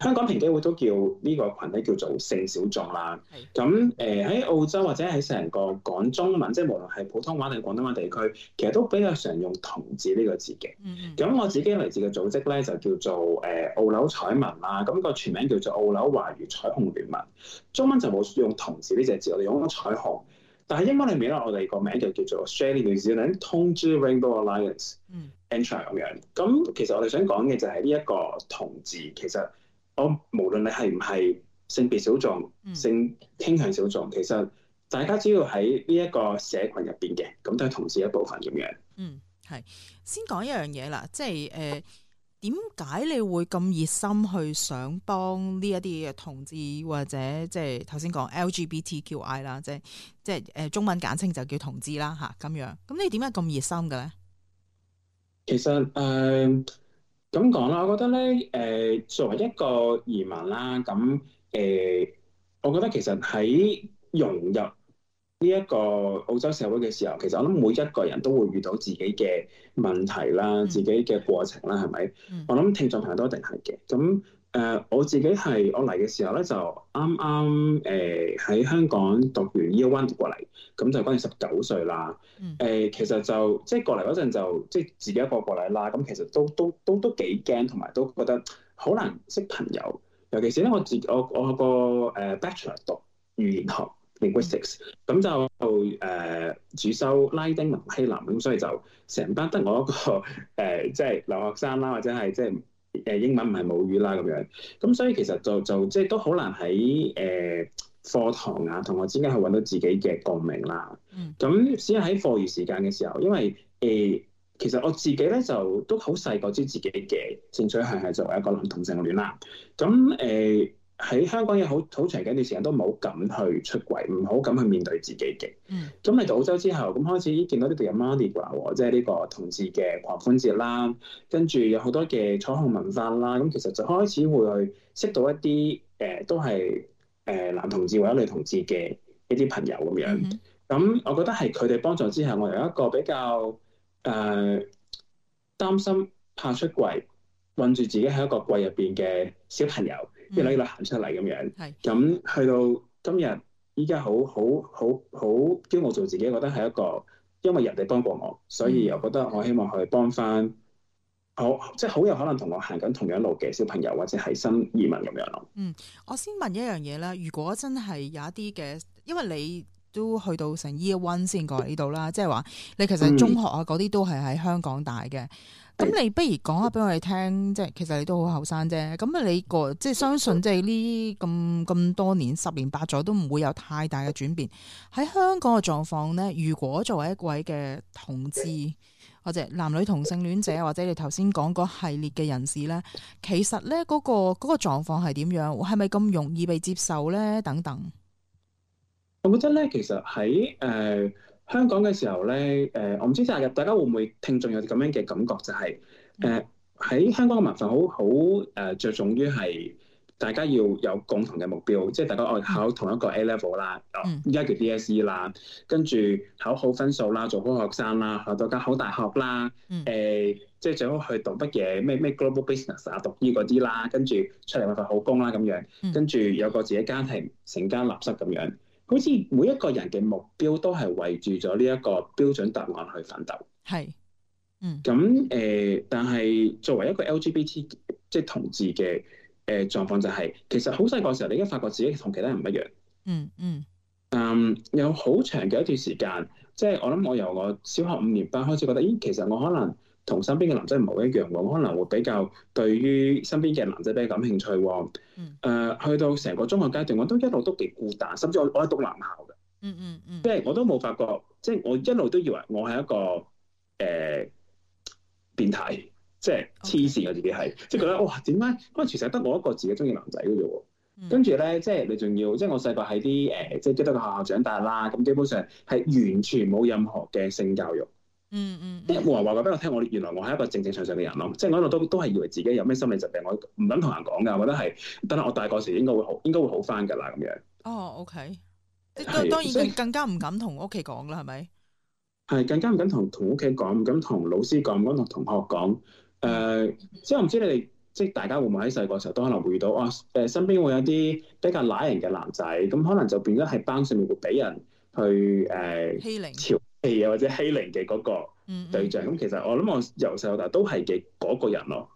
香港平機會都叫呢個群咧叫做性小眾啦。咁誒喺澳洲或者喺成個講中文，即係無論係普通話定廣東話地區，其實都比較常用「同志」呢個字嘅。咁、嗯、我自己嚟自嘅組織咧就叫做誒、呃、澳紐彩盟啦，咁、那個全名叫做澳紐華語彩虹聯盟。中文就冇用「同志」呢隻字，我哋用咗「彩虹」。嗯、但係英文裡面咧，我哋個名就叫做 Share 呢對字咧，同志 Rainbow Alliance、嗯。咁樣，咁其實我哋想講嘅就係呢一個同志，其實我無論你係唔係性別小眾，嗯、性傾向小眾，其實大家只要喺呢一個社群入邊嘅，咁都係同志一部分咁樣。嗯，係。先講一樣嘢啦，即係誒點解你會咁熱心去想幫呢一啲同志或者即係頭先講 LGBTQI 啦，即係即係誒中文簡稱就叫同志啦吓，咁、啊、樣。咁你點解咁熱心嘅咧？其實，誒咁講啦，我覺得咧，誒、呃、作為一個移民啦，咁誒、呃，我覺得其實喺融入呢一個澳洲社會嘅時候，其實我諗每一個人都會遇到自己嘅問題啦，嗯、自己嘅過程啦，係咪？嗯、我諗聽眾朋友都一定係嘅。咁誒、uh, 我自己係我嚟嘅時候咧，就啱啱誒喺香港讀完 year one 過嚟，咁就關於十九歲啦。誒、mm. 呃、其實就即係過嚟嗰陣就即係自己一個過嚟啦，咁其實都都都都幾驚，同埋都覺得好難識朋友。尤其是咧，我自我我個誒 bachelor 讀語言學 linguistics，咁就誒、呃、主修拉丁文希臘，咁所以就成班得我一個誒即係留學生啦，或者係即係。就是誒英文唔係母語啦，咁樣，咁所以其實就就即係都好難喺誒課堂啊、同學之間去搵到自己嘅共鳴啦。嗯，咁只有喺課餘時間嘅時候，因為誒、欸、其實我自己咧就都好細個知道自己嘅性取向係係作為一個男同性戀啦。咁誒。欸喺香港有好好長嘅一段時間都冇敢去出櫃，唔好敢去面對自己嘅。咁嚟、嗯、到澳洲之後，咁開始依見到呢度有 Mardi Gras、哦、即係呢個同志嘅狂歡節啦，跟住有好多嘅彩虹文化啦。咁其實就開始會去識到一啲誒、呃，都係誒男同志或者女同志嘅一啲朋友咁樣。咁、嗯、我覺得係佢哋幫助之下，我有一個比較誒、呃、擔心怕出櫃，韞住自己喺一個櫃入邊嘅小朋友。即係一行出嚟咁樣，咁是去到今日依家好好好好驕傲做自己，覺得係一個，因為人哋幫過我，所以又覺得我希望去幫翻好，即係好有可能同我行緊同樣路嘅小朋友或者係新移民咁樣咯。嗯，我先問一樣嘢啦，如果真係有一啲嘅，因為你都去到成 Year One 先過嚟呢度啦，即係話你其實中學啊嗰啲都係喺香港大嘅。嗯咁你不如講下俾我哋聽，即係其實你都好後生啫。咁啊，你個即係相信咁咁，即係呢咁咁多年，十年八載都唔會有太大嘅轉變。喺香港嘅狀況咧，如果作為一位嘅同志或者男女同性戀者，或者你頭先講嗰系列嘅人士咧，其實咧嗰個嗰個狀況係點樣？係咪咁容易被接受咧？等等。我覺得咧，其實喺誒。呃香港嘅時候咧，誒、呃，我唔知大家大家會唔會聽眾有咁樣嘅感覺，就係誒喺香港嘅文化好好誒，着重於係大家要有共同嘅目標，即係大家愛考，考同一個 A level 啦、嗯，而家叫 DSE 啦，跟住考好分數啦，做好學生啦，考到間好大學啦，誒、呃，即係最好去讀乜嘢？咩咩 global business 啊，讀醫嗰啲啦，跟住出嚟揾份好工啦，咁樣，跟住有個自己家庭，成家立室咁樣。好似每一個人嘅目標都係圍住咗呢一個標準答案去奮鬥。係，嗯。咁誒、呃，但係作為一個 LGBT 即係同志嘅誒、呃、狀況就係，其實好細個嘅時候，你已經發覺自己同其他人唔一樣。嗯嗯。嗯，um, 有好長嘅一段時間，即係我諗我由我小學五年班開始覺得，咦，其實我可能。同身邊嘅男仔唔係一樣喎，我可能會比較對於身邊嘅男仔比較感興趣喎、呃。去到成個中學階段，我都一路都幾孤單，甚至我我係讀男校嘅、嗯。嗯嗯嗯，即係我都冇發覺，即係、嗯、我一路都以為我係一個誒、呃、變態，即係黐線我自己係，Okay. 即係覺得哇點解？因為其實得我一個自己中意男仔嘅啫喎。跟住咧，即係你仲要，即係我細個喺啲誒，即係得個學校長大啦，咁基本上係完全冇任何嘅性教育。嗯嗯，即係冇人話過俾我聽，我原來我係一個正正常常嘅人咯，即係我喺度都都係以為自己有咩心理疾病，我唔敢同人講噶，我覺得係，但係我大個時應該會好，應該會好翻噶啦咁樣。哦，OK，即係是當然更加唔敢同屋企講啦，係咪以？係更加唔敢同同屋企講，唔敢同老師講，唔敢同同學講。誒、呃嗯嗯，即係我唔知你哋，即係大家會唔會喺細個時候都可能會遇到，哇！誒，身邊會有啲比較乸型嘅男仔，咁可能就變咗喺班上面會俾人去誒、呃、欺凌、或者欺凌嘅嗰個對象，咁、嗯嗯、其實我諗我由細到大都係嘅嗰個人咯。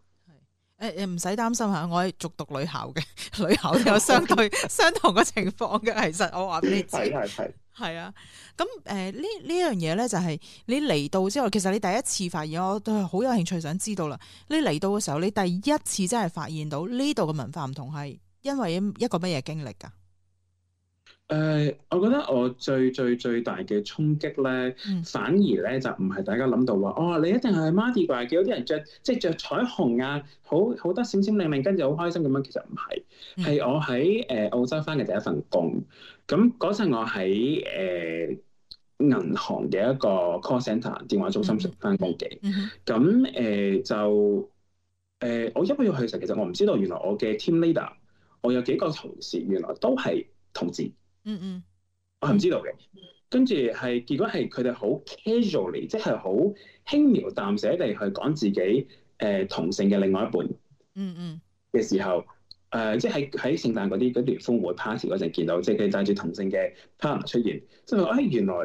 誒誒、欸，唔、欸、使擔心嚇，我係續讀女校嘅，女 校有相對 相同嘅情況嘅。其實我話俾你知，係係 啊，咁誒、呃、呢呢樣嘢咧，就係、是、你嚟到之後，其實你第一次發現，我都係好有興趣想知道啦。你嚟到嘅時候，你第一次真係發現到呢度嘅文化唔同，係因為一個乜嘢經歷㗎？誒、呃，我覺得我最最最大嘅衝擊咧，嗯、反而咧就唔係大家諗到話，哦，你一定係 Mardi Gras 啲人着即係著彩虹啊，好好得閃閃亮亮，跟住好開心咁樣，其實唔係，係我喺誒、呃、澳洲翻嘅第一份工。咁嗰陣我喺誒、呃、銀行嘅一個 call centre e 電話中心上翻工嘅。咁誒、嗯嗯嗯嗯呃、就誒、呃、我一為要去時候，其實我唔知道原來我嘅 team leader，我有幾個同事原來都係同志。嗯嗯，嗯我係唔知道嘅。跟住係結果係佢哋好 casually，即係好輕描淡寫地去講自己誒、呃、同性嘅另外一半。嗯嗯嘅時候，誒、嗯嗯呃、即係喺聖誕嗰啲嗰啲聯歡會 party 嗰陣見到，即係佢哋帶住同性嘅 partner 出現，即係話誒原來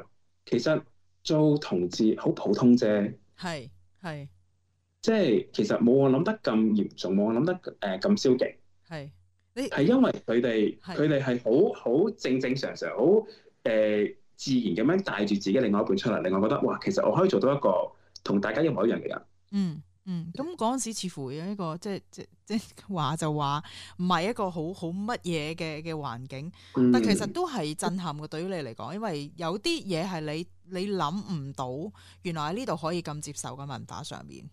其實做同志好普通啫。係係，即係其實冇我諗得咁嚴重，冇我諗得誒咁、呃、消極。係。係你因為佢哋，佢哋係好好正正常常，好誒、呃、自然咁樣帶住自己另外一半出嚟。另外覺得，哇，其實我可以做到一個同大家一模一樣嘅人。嗯嗯，咁嗰陣時似乎有一個即係即即話就話唔係一個好好乜嘢嘅嘅環境，嗯、但其實都係震撼嘅，對於你嚟講，因為有啲嘢係你你諗唔到，原來喺呢度可以咁接受嘅文化上面。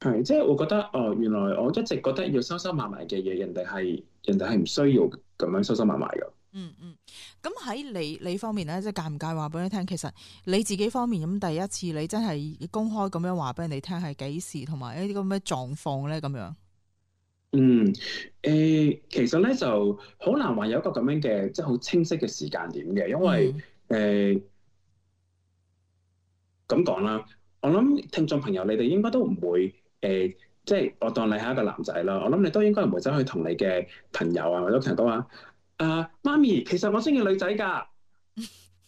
係，即係我覺得哦，原來我一直覺得要收收埋埋嘅嘢，人哋係人哋係唔需要咁樣收收埋埋噶。嗯嗯，咁喺你你方面咧，即係介唔介話俾你聽？其實你自己方面咁第一次，你真係公開咁樣話俾你哋聽係幾時，同埋呢啲咁嘅狀況咧？咁樣、嗯。嗯、呃、誒，其實咧就好難話有一個咁樣嘅即係好清晰嘅時間點嘅，因為誒咁講啦，我諗聽眾朋友你哋應該都唔會。誒、欸，即係我當你係一個男仔咯，我諗你都應該唔會走去同你嘅朋友啊，或者屋企人講話啊，uh, 媽咪，其實我中意女仔㗎，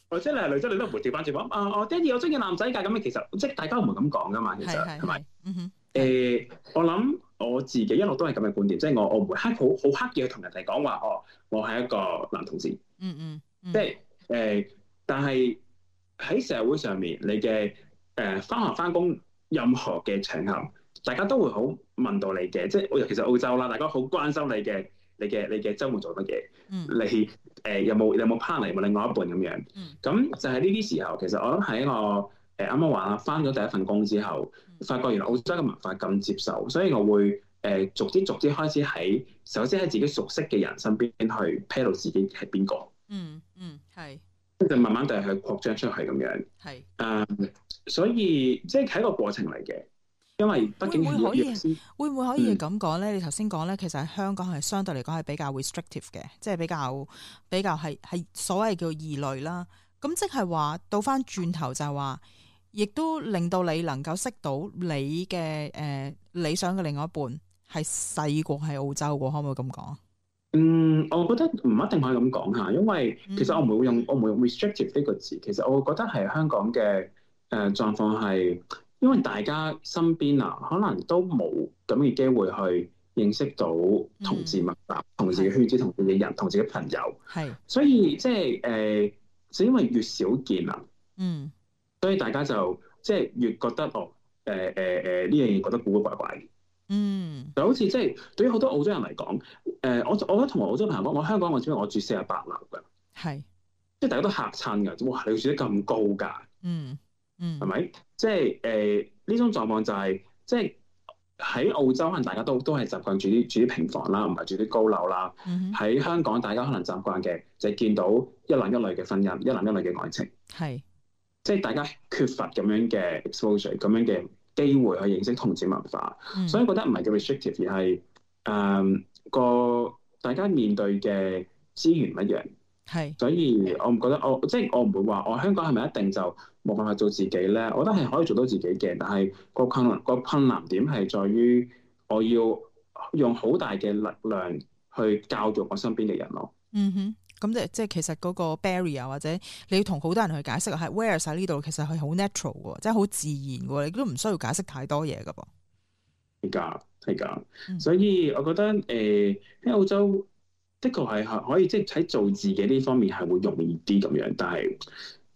或者 你係女仔，你都唔會調翻轉講。啊，我爹哋，我中意男仔㗎，咁其實即係大家唔會咁講㗎嘛，其實係咪？誒，我諗我自己一路都係咁嘅觀點，即係 我我唔會刻好好刻意去同人哋講話，哦，我係一個男同事。嗯 嗯，即係誒，但係喺社會上面，你嘅誒翻學翻工，任何嘅場合。大家都會好問到你嘅，即係尤其澳洲啦，大家好關心你嘅，你嘅你嘅週末做乜嘢？你誒、嗯呃、有冇有冇 partner？另外一半咁樣。嗯，咁就係呢啲時候，其實我諗喺我誒啱啱話翻咗第一份工之後，發覺原來澳洲嘅文化咁接受，所以我會誒、呃、逐啲逐啲開始喺首先喺自己熟悉嘅人身邊去披露自己係邊個。嗯嗯，係，跟住慢慢就係擴張出去咁樣。係啊是、嗯，所以、嗯、所以即係喺個過程嚟嘅。因為畢竟會唔會可以會唔會可以咁講咧？嗯、你頭先講咧，其實喺香港係相對嚟講係比較 restrictive 嘅，即係比較比較係係所謂叫異類啦。咁即係話倒翻轉頭就係話，亦都令到你能夠識到你嘅誒、呃、理想嘅另外一半係細個喺澳洲嘅，可唔可以咁講？嗯，我覺得唔一定可以咁講嚇，因為其實我唔會用、嗯、我唔會用 restrictive 呢個字。其實我會覺得係香港嘅誒、呃、狀況係。因為大家身邊啊，可能都冇咁嘅機會去認識到同志物物、嗯、同自己嘅圈子、同自己人、同自己朋友，係是、呃，所以即係誒，只因為越少見啊，嗯，所以大家就即係、就是、越覺得哦，誒誒誒呢樣嘢覺得古古怪怪，嗯，就好似即係對於好多澳洲人嚟講，誒、呃，我我覺得同埋澳洲朋友講，我香港我知唔知我住四十八樓㗎，係是，即係大家都嚇親㗎，哇！你住得咁高㗎，嗯。嗯，係咪？即係誒呢種狀況就係、是、即係喺澳洲可能大家都都係習慣住啲住啲平房啦，唔係住啲高樓啦。喺、mm hmm. 香港大家可能習慣嘅就係、是、見到一男一女嘅婚姻，一男一女嘅愛情。係是即係大家缺乏咁樣嘅 exposure，咁樣嘅機會去認識同志文化，mm hmm. 所以覺得唔係叫 restrictive，而係誒、呃、個大家面對嘅資源唔一樣。係，是所以我唔覺得我即係我唔會話我香港係咪一定就冇辦法做自己咧？我覺得係可以做到自己嘅，但係個困難、個困難點係在於我要用好大嘅力量去教育我身邊嘅人咯。嗯哼，咁即係即係其實嗰個 barrier 或者你要同好多人去解釋係 where 晒呢度，其實係好 natural，即係好自然嘅，你都唔需要解釋太多嘢嘅噃。係㗎，係㗎，嗯、所以我覺得誒喺、呃、澳洲。的確係可可以，即係喺做自己呢方面係會容易啲咁樣，但係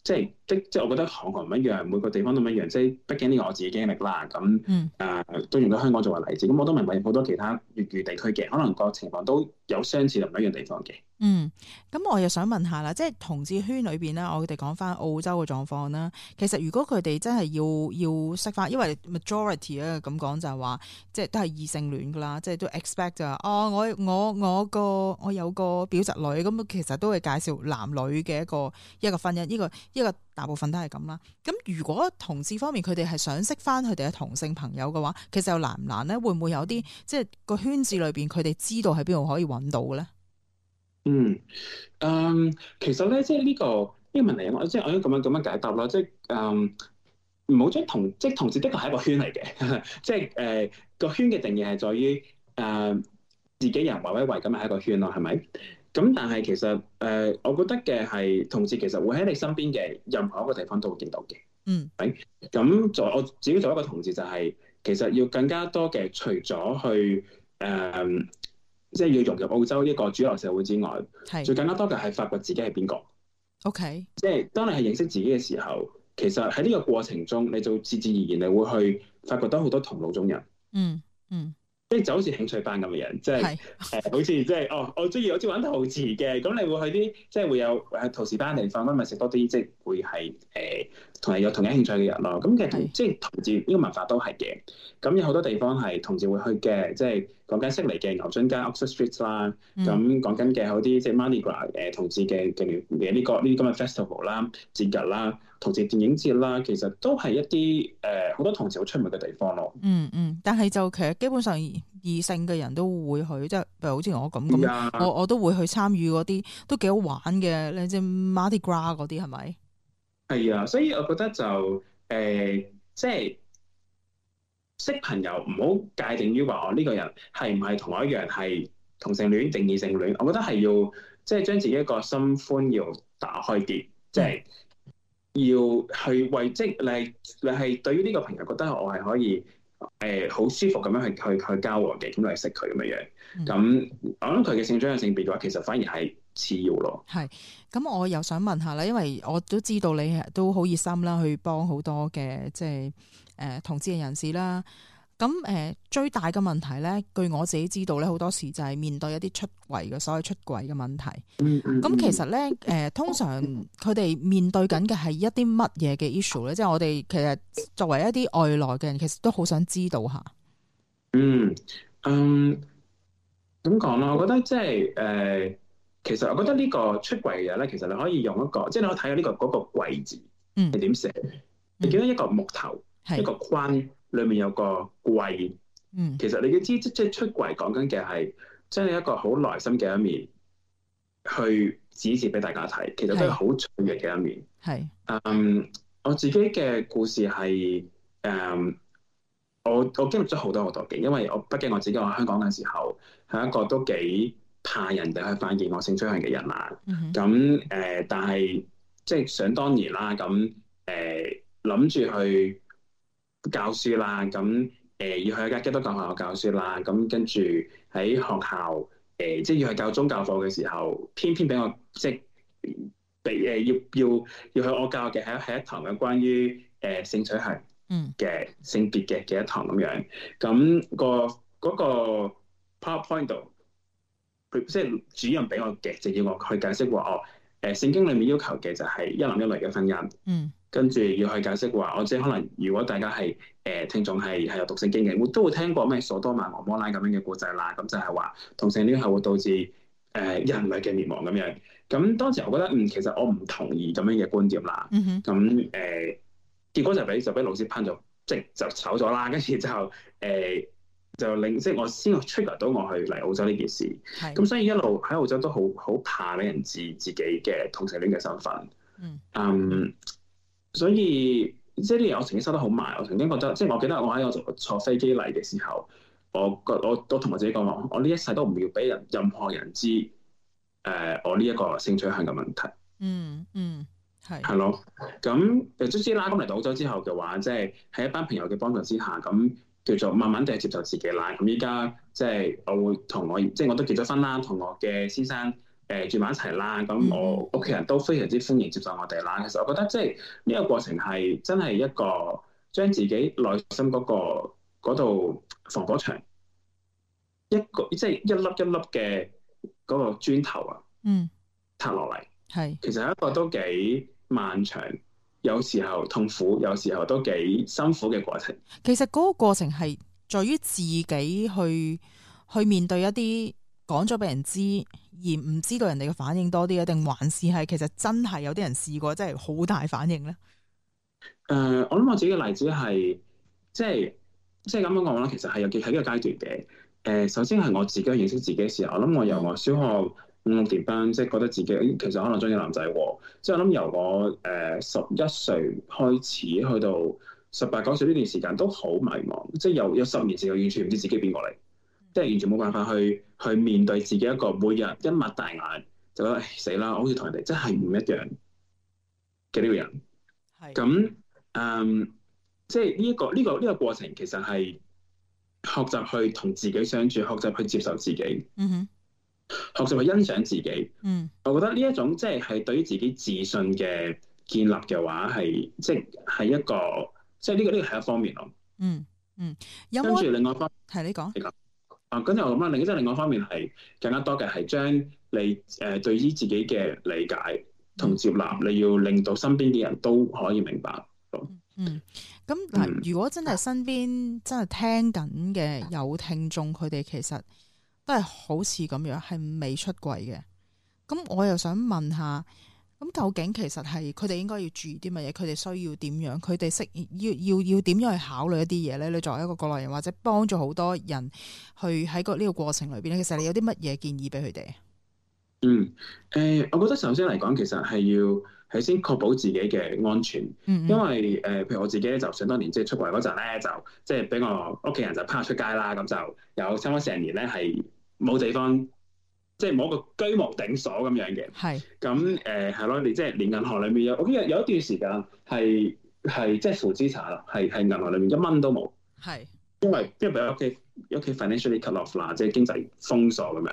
即係，即係即即係我覺得韓國唔一樣，每個地方都唔一樣。即係畢竟呢個我自己經歷啦，咁誒、嗯呃、都用到香港作為例子。咁、嗯、我都明白好多其他粵語地區嘅，可能個情況都有相似唔一樣地方嘅。嗯，咁我又想問下啦，即係同志圈裏邊咧，我哋講翻澳洲嘅狀況啦。其實如果佢哋真係要要識翻，因為 majority 咧咁講就係話，即係都係異性戀噶啦，即係都 expect 就係哦，我我我，我個我有個表侄女咁，其實都係介紹男女嘅一個一個婚姻，依個依個。一個一個大部分都係咁啦。咁如果同志方面，佢哋係想識翻佢哋嘅同性朋友嘅話，其實又難唔難咧？會唔會有啲即係個圈子裏邊，佢哋知道喺邊度可以揾到嘅咧、嗯？嗯，誒，其實咧，即係、這、呢個呢、這個問題，即我即係我應該咁樣咁樣解答啦。即係誒，唔好、嗯、將同即係同志的確係一個圈嚟嘅。 即係誒，呃那個圈嘅定義係在於誒、呃、自己人圍圍圍咁係一個圈咯，係咪？咁但係其實誒、呃，我覺得嘅係同志其實會喺你身邊嘅任何一個地方都會見到嘅。嗯，咁做、嗯、我自己做一個同志就係、是，其實要更加多嘅除咗去誒，即、呃、係、就是、要融入澳洲呢個主流社會之外，係是，就更加多嘅係發掘自己係邊個。O Okay . K，即係當你係認識自己嘅時候，其實喺呢個過程中，你就自自然然地會去發掘到好多同路中人。嗯嗯。嗯。即係就，就好似興趣班咁嘅人，即係誒，好似即係哦，我中意好似玩陶瓷嘅，咁你會去啲即係會有誒陶瓷班嘅地方，咪食多啲，即係會係誒同係有同樣興趣嘅人咯。咁其實即係同志呢個文化都係嘅，咁有好多地方係同志會去嘅，即係。講緊悉尼嘅牛津街 Oxford Street 啦，嗯，咁講緊嘅嗰啲即係 Mardi Gras 同志嘅嘅呢個呢啲咁嘅 Festival 啦、這個、ival，節日啦、同志電影節啦，其實都係一啲誒好多同志好出名嘅地方咯。嗯嗯，但係就其實基本上異性嘅人都會去，即係例如好似我咁咁，的我我都會去參與嗰啲都幾好玩嘅咧，即係 Mardi Gras 嗰啲係咪？係啊，所以我覺得就誒、呃、即係。識朋友唔好界定於話我呢個人係唔係同我一樣係同性戀、定異性戀，我覺得係要即係將自己一個心寬要打開啲，即係、嗯、要去為即係你係對於呢個朋友覺得我係可以誒好、呃、舒服咁樣去去去交往嘅，咁係識佢咁樣樣。咁、嗯、我諗佢嘅性取向、性別嘅話，其實反而係次要咯，係咁，我又想問下啦，因為我都知道你都好熱心啦，去幫好多嘅即係誒、呃、同志嘅人士啦。咁誒、呃，最大嘅問題咧，據我自己知道咧，好多時就係面對一啲出軌嘅所謂出軌嘅問題。咁、嗯嗯、其實咧，誒、呃，通常佢哋面對緊嘅係一啲乜嘢嘅 issue 咧， 即係我哋其實作為一啲外來嘅人，其實都好想知道下。嗯，嗯，點講咧？我覺得即係誒。呃其實我覺得呢個出櫃嘅嘢咧，其實你可以用一個，即係你可以睇下呢個嗰、那個櫃字係點寫？嗯嗯、你見到一個木頭，是一個框裏面有個櫃。嗯、其實你嘅知即係出櫃講緊嘅係將你一個好耐心嘅一面去指示俾大家睇，其實都係好脆弱嘅一面。係，嗯，um, 我自己嘅故事係誒，um, 我我經歷咗好多好多嘅，因為我畢竟我自己我喺香港嘅時候係一個都幾。怕人哋去發現我性取向嘅人啦，咁誒、mm hmm. 嗯，但係即係想當然啦，咁誒諗住去教書啦，咁、嗯、誒要去一間基督教學校教書啦，咁跟住喺學校誒、嗯，即係要去教宗教課嘅時候，偏偏俾我即係俾誒要要要，要去我教嘅係一係一堂嘅關於誒性取向嘅性別嘅嘅一堂咁樣，咁、嗯那個嗰、那個 PowerPoint 度。即係主任俾我嘅，就是、要我去解釋話哦，誒聖經裡面要求嘅就係一男一女嘅婚姻，嗯，跟住要去解釋話，我即係可能如果大家係誒、呃、聽眾係係有讀聖經嘅，我都會聽過咩所多瑪和摩，摩拉咁樣嘅故仔啦，咁就係話同性戀係會導致誒、呃、人類嘅滅亡咁樣。咁當時我覺得嗯、呃，其實我唔同意咁樣嘅觀點啦，咁誒、嗯哼呃、結果就俾就俾老師判咗，即就炒咗啦，跟住就誒。呃呃就令即係我先 trigger 到我去嚟澳洲呢件事，咁所以一路喺澳洲都好好怕俾人知自己嘅同性戀嘅身份。嗯，所以即係呢啲嘢我曾經收得好埋。我曾經覺得，即係我記得我喺我坐飛機嚟嘅時候，我覺我都同我，我自己講話，我呢一世都唔要俾人任何人知誒、呃，我呢一個性取向嘅問題。嗯嗯，係係咯。咁亦都知拉咁嚟到澳洲之後嘅話，即係喺一班朋友嘅幫助之下咁。叫做慢慢地接受自己啦。咁依家即係我會同我即係、就是、我都結咗婚啦，同我嘅先生誒、呃、住埋一齊啦。咁我屋企人都非常之歡迎接受我哋啦。其實我覺得即係呢個過程係真係一個將自己內心嗰、那個嗰道防火牆，一個即係、就是、一粒一粒嘅嗰個磚頭啊，嗯，拆落嚟係。是其實一個都幾漫長。有時候痛苦，有時候都幾辛苦嘅過程。其實嗰個過程係在於自己去去面對一啲講咗俾人知而唔知道人哋嘅反應多啲啊，定還是係其實真係有啲人試過真係好大反應咧？誒、呃，我諗我自己嘅例子係即係即係咁樣講啦，其實係有幾喺呢個階段嘅。誒、呃，首先係我自己認識自己嘅時候，我諗我有我小學。五六年班，即係覺得自己其實可能中意男仔喎、喔，即係我諗由我誒十一歲開始去到十八九歲呢段時間都好迷茫，即係有有十年時間完全唔知自己變過嚟，嗯、即係完全冇辦法去去面對自己一個每日一擘大眼就覺得死啦，我好似同人哋真係唔一樣嘅呢個人。係咁是，嗯，即係呢一個呢個呢個過程其實係學習去同自己相處，學習去接受自己。嗯哼學習去欣賞自己，嗯，我覺得呢一種即係係對於自己自信嘅建立嘅話，係即係一個，即係呢、這個呢個係一方面咯、嗯。嗯嗯，跟住另外一方係你講，你講啊，跟住我咁啦，即係另外一方面係、這個啊、更加多嘅係將你誒、呃、對於自己嘅理解同接納，嗯、你要令到身邊啲人都可以明白。嗯，咁、嗯、嗱，嗯、如果真係身邊真係聽緊嘅有聽眾，佢哋其實。都係好似咁樣，係未出櫃嘅。咁我又想問下，咁究竟其實係佢哋應該要注意啲乜嘢？佢哋需要點樣？佢哋識要要要點樣去考慮一啲嘢咧？你作為一個過來人，或者幫助好多人去喺呢個過程裏邊咧，其實你有啲乜嘢建議俾佢哋？嗯，誒、呃，我覺得首先嚟講，其實係要係先確保自己嘅安全，嗯嗯，因為誒、呃，譬如我自己就想當年即係出櫃嗰陣咧，就即係俾我屋企人就拋出街啦，咁就有差唔多成年咧係。冇地方，即係冇個居無定所咁樣嘅。係咁誒，係咯、呃，你即係連銀行裏面有，我記得有一段時間係係即係負資產，係係銀行裏面一蚊都冇。係是因為因為俾屋企屋企 financially cut off 啦，即係經濟封鎖咁樣。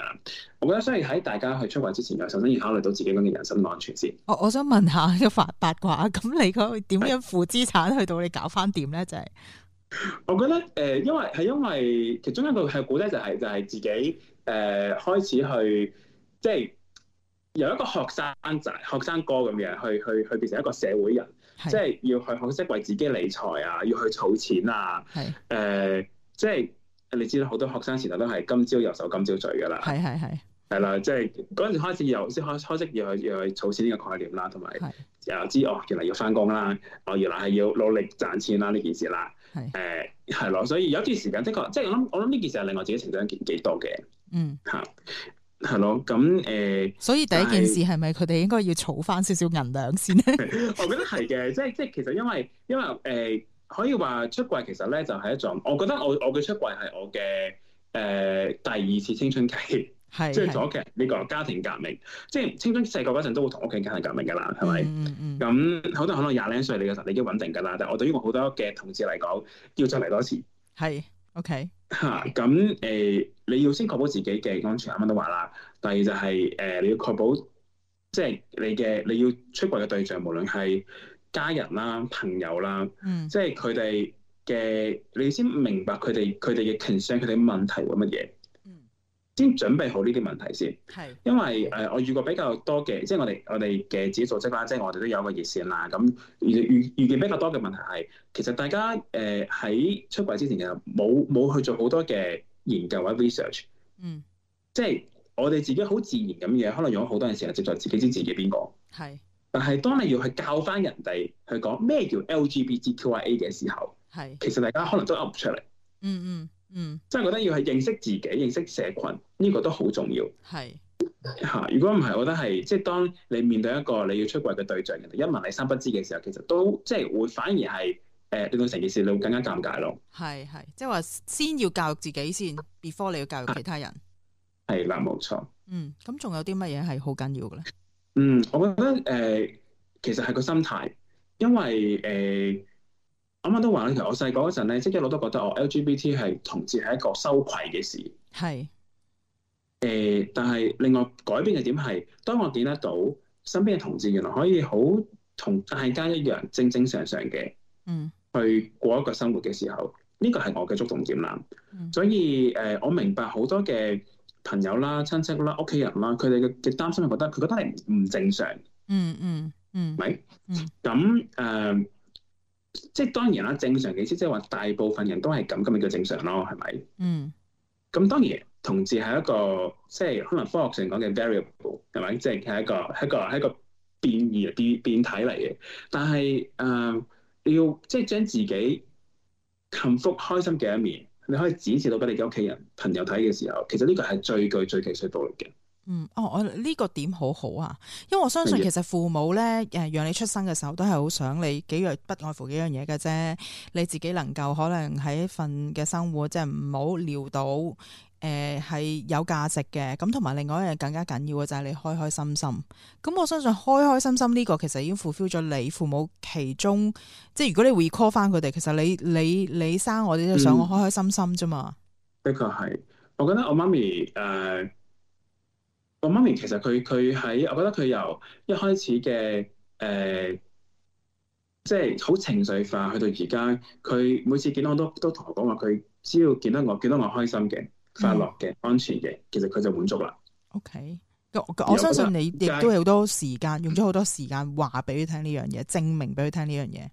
我覺得所以喺大家去出櫃之前，又首先要考慮到自己咁嘅人身安全先。我我想問一下一發八卦，咁你個點樣負資產去到你搞翻掂咧？就係是我覺得誒、呃，因為係因為其中一個係估咧、就是，就係就係自己。誒、呃、開始去，即係由一個學生仔、學生哥咁樣去去去變成一個社會人，的即係要去學識為自己理財啊，要去儲錢啊，係誒的、呃，即係你知道，好多學生其實都係今朝又受今朝罪噶啦，係係係，係啦，即係嗰陣時開始又先開始要去要去儲錢呢個概念啦，同埋又知哦，原來要返工啦，哦，原來係要努力賺錢啦呢件事啦，係誒係咯，所以有一段時間的確，即係我諗我諗呢件事係令我自己成長幾多嘅。嗯，吓係咯，咁誒，所以第一件事係咪佢哋應該要儲翻少少銀兩先咧？ 我覺得係嘅，即係即係，其實因為因為誒、呃，可以話出櫃其實咧就係一種，我覺得我我我嘅出櫃係我嘅誒第二次青春期，即係早期呢個家庭革命，即係青春細個嗰陣都會同屋企人家庭革命噶啦，係咪？咁好多可能廿零歲你嘅時候你已經穩定噶啦，但係我對於我好多嘅同事嚟講，要再嚟多次，係，OK，吓咁誒。你要先確保自己嘅安全，啱啱都話啦。第二就係、是、誒、呃，你要確保，即、就、係、是、你嘅你要出櫃嘅對象，無論係家人啦、朋友啦，即係佢哋嘅，你先明白佢哋佢哋嘅傾向、佢哋問題會乜嘢，先準備好呢啲問題先。係是，因為誒、呃，我遇過比較多嘅，即、就、係、是、我哋我哋嘅自己組織啦，即、就、係、是、我哋都有個熱線啦，咁遇遇遇見比較多嘅問題係，其實大家誒喺、呃、出櫃之前其實冇冇去做好多嘅。研究或者 research，嗯，即係我哋自己好自然咁樣，可能用咗好多嘅時間，直到自己知自己邊個。係是，但係當你要去教翻人哋去講咩叫 LGBTQIA 嘅時候，係是，其實大家可能都噏唔出嚟、嗯。嗯嗯嗯，即係覺得要去認識自己、認識社群呢、這個都好重要。係是，吓、啊，如果唔係，我覺得係即係當你面對一個你要出櫃嘅對象，人哋一問你三不知嘅時候，其實都即係會反而係。誒，令到成件事你會更加尷尬咯。係係，即係話先要教育自己先，before 你要教育其他人。係啦，冇錯。嗯，咁仲有啲乜嘢係好緊要嘅咧？嗯，我覺得誒、呃，其實係個心態，因為誒、呃，我啱啱都話其實我細個嗰陣咧，即係一路都覺得我 LGBT 係同志係一個羞愧嘅事。係是。誒、呃，但係另外改變嘅點係，當我見得到身邊嘅同志原來可以好同大家一樣正正常常嘅，嗯。去過一個生活嘅時候，呢個係我嘅觸動點啦。嗯、所以誒、呃，我明白好多嘅朋友啦、親戚啦、屋企人啦，佢哋嘅擔心，係覺得佢覺得係唔正常。嗯嗯嗯，係咪？咁誒，即係當然啦，正常嘅意思，即係話大部分人都係咁，咁咪叫正常咯，係咪？嗯。咁當然，同志係一個即係可能科學上講嘅 variable，係咪？即係係一個、係一個、係一個、係一個變異、變變體嚟嘅。但係誒。呃你要即係將自己幸福、開心嘅一面，你可以展示到俾你嘅屋企人、朋友睇嘅時候，其實呢個係最具、最具水道嘅。嗯，哦，我呢個點好好啊，因為我相信其實父母咧誒，讓你出生嘅時候都係好想你幾樣不外乎幾樣嘢嘅啫，你自己能夠可能喺一份嘅生活，即係唔好潦倒。誒，係、呃、有價值嘅咁，同埋另外一樣更加緊要嘅就係你開開心心咁。我相信開開心心呢個其實已經 fulfill 咗你父母其中，即係如果你 recall 翻佢哋，其實你你你生我哋都想我開開心心啫嘛、嗯。的確係，我覺得我媽咪誒、呃，我媽咪其實佢佢喺，我覺得佢由一開始嘅誒、呃，即係好情緒化，去到而家，佢每次見到我都都同我講話，佢只要見到我見到我，我開心嘅。快樂嘅、安全嘅，其實佢就滿足啦。O K，我相信你亦都有好多時間，用咗好多時間話俾佢聽呢樣嘢，證明俾佢聽呢樣嘢。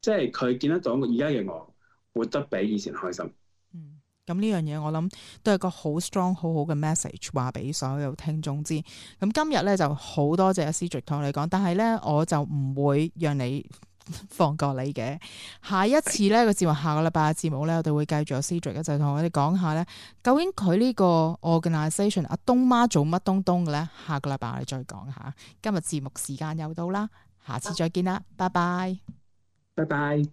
即係佢見得到，而家嘅我活得比以前開心。嗯，咁呢樣嘢我諗都係個好 strong、好好嘅 message，話俾所有聽眾知。咁今日咧就好多謝阿 Cedric 同你講，但係咧我就唔會讓你。 放過你嘅，下一次呢個節目下個禮拜嘅節目咧，我哋會繼續有 Cedric，就同我哋講下咧，究竟佢呢個 organization 阿東媽做乜東東嘅咧？下個禮拜我哋再講下。今日節目時間又到啦，下次再見啦，好拜拜，拜拜。